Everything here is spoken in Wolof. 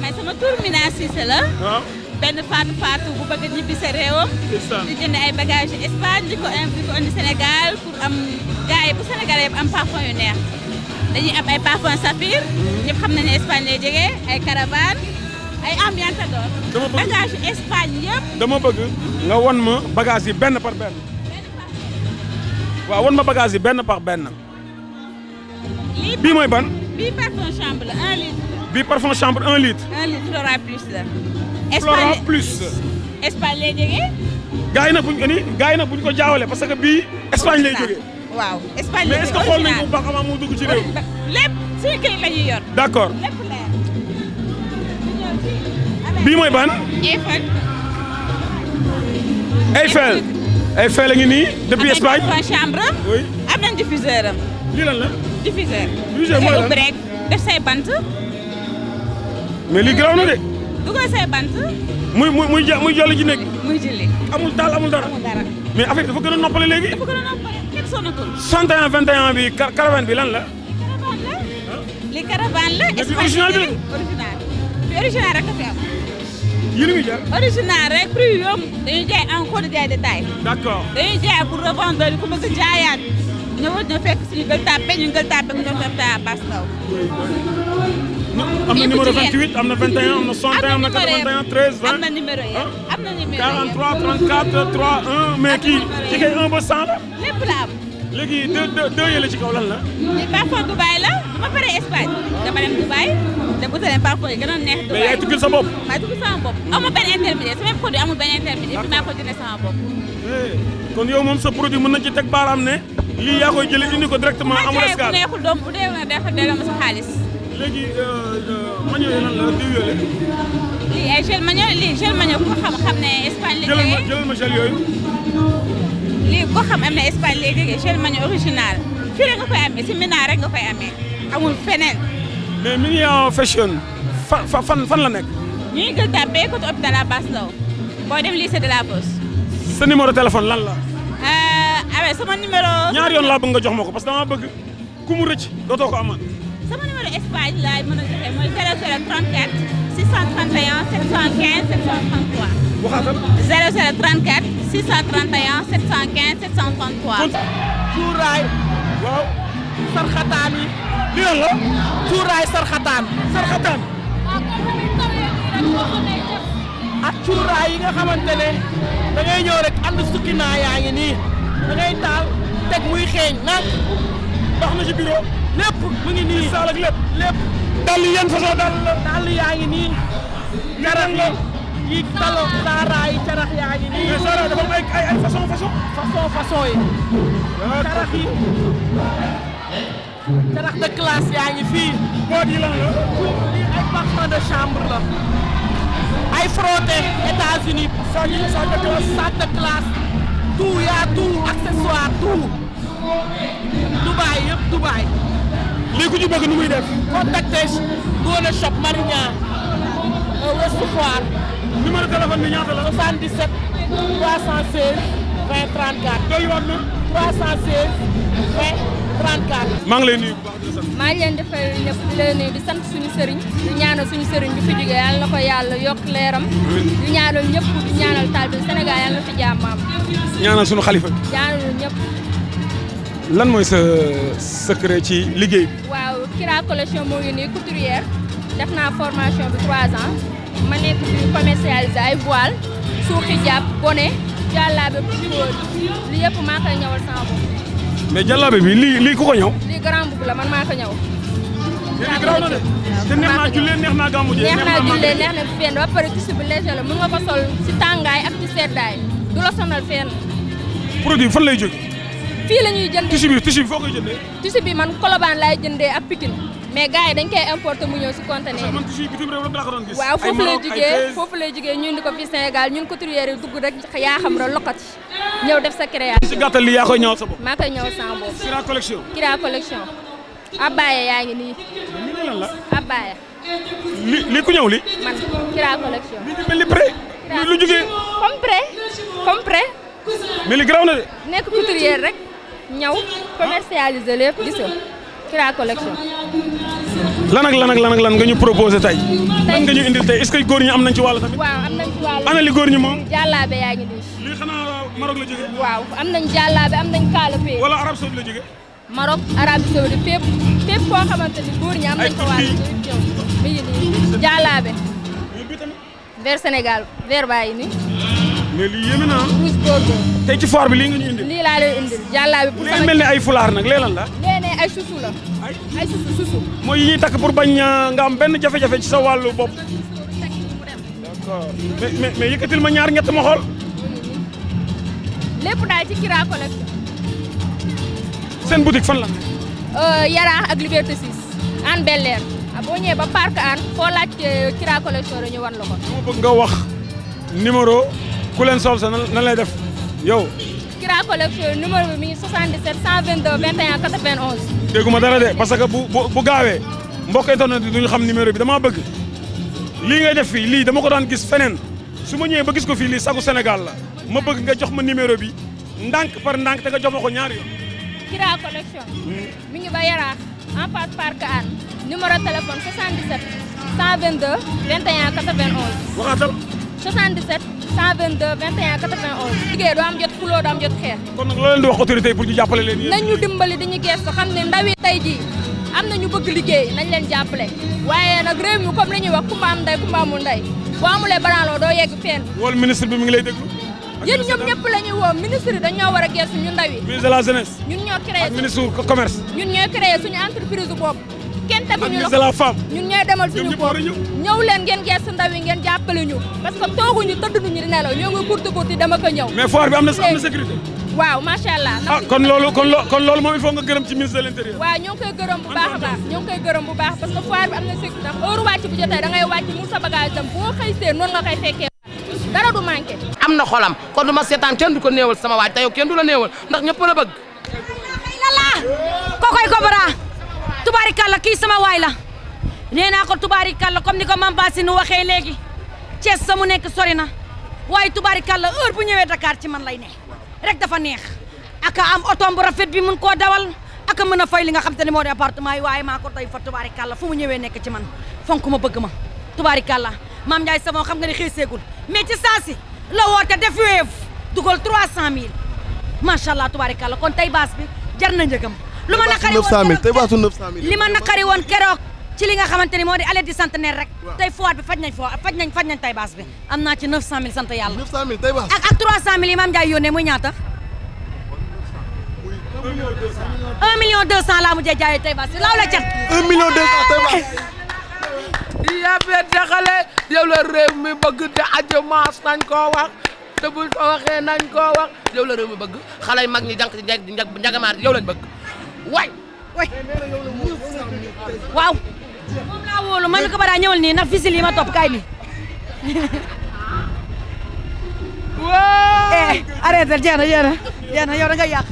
mais sama tur Mina benn faatu faatu bu bëgg ñibbi sa réewam. di ay bagages Espagne di ko di ko pour am gars bu Sénégal yëpp am parfum yu neex dañuy am ay parfum saphir. Mm-hmm. ñëpp xam nañu ne Espagne lay jógee ay caravane ay ambientador. dama bëgg bagage Espagne dama bëgg nga won ma bagage benn par benn. won ma bagage benn par benn. lii bii mooy ban. bi parfum chambre un litre. un litre Flora plus la. Flora plus Espagne lay jógee. gars yi nag ko nii parce que bii Espagne lay jógee. waaw Espagne lay jógee xool nañu ko bu ci réew mi. lépp suñu këyit la ñuy mooy ban. Eiffel. Eiffel. Eiffel a ngi nii depuis Espagne. chambre. oui am nañ lan la. diffuseur. diffuseur mooy def say bant. mais lii garaaw de. dugal say bant. muy muy muy muy jolli ji nekk. muy julli. amul taal amul dara. amul dara mais affaire dafa a noppale léegi. dafa gën a noppale kenn sonatul. 61 21 bi car caravane bi lan la. li caravane la. est original bi original bi original rek a fi am. yéen a ngi jar. original rek prix yomb dañuy jaay en gros jaay détail. d'accord dañuy jaay pour revendeur yi ku mës a jaayaat ñëw ñëw fekk suñu gël tàppe ñu am na numéro 28 am na 21 am na 61 am na 81 13 20 am na numéro yëpp am na numéro yëpp kii ci kay 1 ba 100 la. lépp la am. léegi deux deux deux yële ci kaw lan la. li parfum Dubaï la bu ma paree Espagne dama dem Dubaï dem uta leen parfum yi gën a neex. Dubaï mais yaay tuggil sa bopp. maa tuggil sama bopp amul benn intermédiaire sama produit amul benn intermédiaire dinaa ko jëndee sama bopp. Eh, kon yow moom sa produit mën nañ ci teg baaraam ne. lii yaa koy jëlee indi ko directement amul escale. bu neexul doom bu dee léegi euh, euh, manioc yi lan la diw yooyu. lii eh, xam xam ne Espagne la jógee jëlal ma jëlal yooyu. lii ku xam am na Espagne lay jógee gel manioc original fii nga koy amee si Mina nga koy amee amul feneen. mais Mignon fashion fa fan fan la nekk. ñu ngi gël tàbbee côté hôpital Abass Ndao boo dem lycée de la Bosse. sa lan la. Euh, ah sama numéro. ñaar yoon laa nga jox ma ko parce que dama bëgg ku mu rëcc ko amaat. sama numéro Espagne laay mën a joxe mooy 0034 631 715 733. waxaatam. 0034 631 715 733. cuuraay. waaw. sarxataan yi. li la la. cuuraay sarxataan. sarxataan. waaw kon tamit comme ak cuuraay yi nga xamante ne da ngay ñëw rek ànd sukkinaa yaa ngi nii ngay taal teg muy xeeñ nag dox na ci bureau. lépp mu ngi nii saal lépp lépp. dàll yan façon dàll la. yaa ngi nii. carax la yi talo saara carax yaa ngi nii. mais saara dafa am ay ay façon yi. Ah, carax yi. carax de classe yaa ngi fii. boot yi lan la. lii ay parfum de chambre la. ay frotté États-Unis. sac de classe sac de classe. tout y a tout accessoire tout. lii ku ci bëgg nu muy def. contacté Ngoné Shop Marignan Ouest Foire. numéro téléphone bi ñaata la. 77 316 20 34. dolliwaat na. 316 20. 34. maa ngi lay nuyu bu baax di sant. maa ngi leen di fay ñëpp di leen nuyu di sant suñu sëriñ. di ñaanal suñu sëriñ bi fi jógee yàlla na ko yàlla yokk leeram. di ñaanal ñëpp di ñaanal taal bi Sénégal yàlla na fi jàmm am. suñu xalifa. ñaanal ñëpp. lan mooy sa secret ci liggéey bi. waaw Kira collection moo ngi nii couturière def naa formation bi 3 ans ma nekk di commercialiser voile suuf hijab bonnet jàllaabe li yëpp maa koy ñëwal sama bopp. jàllaabe bi lii lii ku ko ñëw. lii grand boubou la man maa ko te neex naa jullee neex naa gàmmu neex naa jullee neex na fenn ba pare tissu bu léger la mën nga ko produit fan lay jógee. fii la ñuy jëndee tissu bi tissu bi man Colobane laay jëndee ak Pikine mais gars yi dañ koy importer mu ñëw si conteneur waaw foofu lay jugee foofu lay ñu indi ko fii Sénégal ñun couturier yi dugg rek yaa xam ne lokati ñëw def sa création. si gàttal lii yaa koy ñëw sa bopp. maa koy ñëw sama bopp. Kira collection. yaa ngi nii. lii lan la li li ku ñëw li man Kira collection. li mel lu jugee. comme pré comme pré. mais de. nekk couturier rek. ñaw commercialiser lépp gis nga Kira collection. lan ak lan ak lan ak lan nga ñu proposé tey. lan nga ñu indil tey est-ce que góor ñi am nañ ci wàll tamit. waaw am nañ ci wàll. ana li góor ñi moom. jàllaabe yaa ngi nii. lii xanaa Maroc la jógee. waaw am nañ jàllaabe am nañ kaalapé. wala Arab Saoudi la jógee. Maroc Arabie Saoudite fépp fépp koo xamante ni góor ñi am nañ ko wàll mi ngi nii jàllaabe. vers Sénégal vers bàyyi nii. mais lii yéeme naa. rouge bordeaux. tey ci foire bi lii nga ñu indil. lii laa lay ne ay fulaar nag lee lan la. lee ne ay susu la. ay yi ñuy takk pour bañ euh, nga am benn jafe-jafe ci sa wàllu bopp. d'accord mais mais yëkkatil ma ñaar ñett ma xool. lépp daal ci Kira collection. seen boutique fan la. Euh, Yaraax ak Liberté 6. Hann bel ah, boo ñëwee ba parc Hann foo laaj euh, Kira collection la ñu wan la ko. dama nga wax numéro ku leen sa nan lay yow. Kira Collection numéro bi mi ngi 77 122 21 91. dégguma dara de parce que bu bu bu gaawee mbokk internet yi duñu xam numéro bi damaa bëgg lii ngay def fii lii dama ko daan gis feneen su ma ñëwee ba gis ko fii lii sagu senegal la ma bëgg nga jox ma numéro bi ndànk par ndànk te nga jox ma ko ñaari yoon. Kira Collection. mi ngi ba Yaraax en face Parc Hann numéro téléphone 77 122 21 91. waxaatal. 77 122 21 91. liggéey doo am jot fuloo doo am jot xeex. kon nag loo leen di wax autorité yi pour ñu jàppale leen yéen. nañ ñu dimbali di ñu gëstu xam ne ndaw tey jii am na ñu bëgg liggéey nañ leen jàppale waaye nag réew mi comme li ñuy wax kumba am ndey kumba amul ndey boo amulee baraanoo doo yegg fenn. wol ministre bi mi ngi lay déglu. yéen ñoom ñëpp la woo ministre yi dañoo war a gëstu ñu ndaw yi. ñun ñoo créé ak ministre commerce. ñun teguñu loxo la femme ñun ñooy demal suñu bopp ñëw leen ngeen geesu ndaw yi ngeen jàppale ñu parce que tooguñu tëdduñu di nelaw ñoo ngi kurti kurti dama ko ñëw mais foire bi am am na sécurité waaw ah, kon loolu kon loolu kon loolu moom il faut nga gërëm ci ministre ñoo ngi koy bu baax a baax ñoo ngi koy gërëm bu baax parce que foire bi am na sécurité ndax heure wàcc bu jotee da ngay wàcc mu sa bagage dem boo nga koy fekkee dara du manqué am na xolam kon du ma seetaan kenn du ko néewal sama waaj tayoo kenn du la néewal ndax ñëpp la bëgg tubaarikàlla kii sama waay la nee naa ko tubaarikàlla kom ni ko man Ba si nu waxee léegi Thiès sa mu nekk sori na waaye kalla heure bu ñëwee Dakar ci man lay ne rek dafa neex aka am otoom bu rafet bi mun koo dawal a aka mën a fay li nga xam te ne moo di yi waaye maa ko doy fa tubaarikàlla fu mu ñëwee nekk ci man fonk ma bëgg ma tubaarikàlla maam Ndiaye Savon xam nga ne xeeseegul mais ci saa si la woote def Wave dugal 300000 macha allah tubaarikàlla kon tey baas bi jar na njëgam. lu ma naqari woon tey baatu 900000 li ma naqari woon keroog ci li nga xamante ni moo di allé di centenaire rek tey fowaat bi faj nañ fo faj nañ faj nañ tey baas bi am naa ci 900000 sant yàlla 900000 tey baas ak ak 300000 yi maam Ndiaye yónnee muy ñaata 1 laa mujjee jaayee tey la cat 1 million 200 tey baas yaa fee dexale yow la réew mi bëgg te aju maas nañ koo wax te buñ ko waxee nañ koo wax yow la réew mi bëgg xale yi mag ñi jànk ci njagamaar yow lañ bëgg waay. waay waaw. moom laa wóolu man ko bara ñëwal nii ndax vigiles yi ma topp kaay nii. waaw. Eh, arrêté jeex na jeex na jeex na yow nga yàq.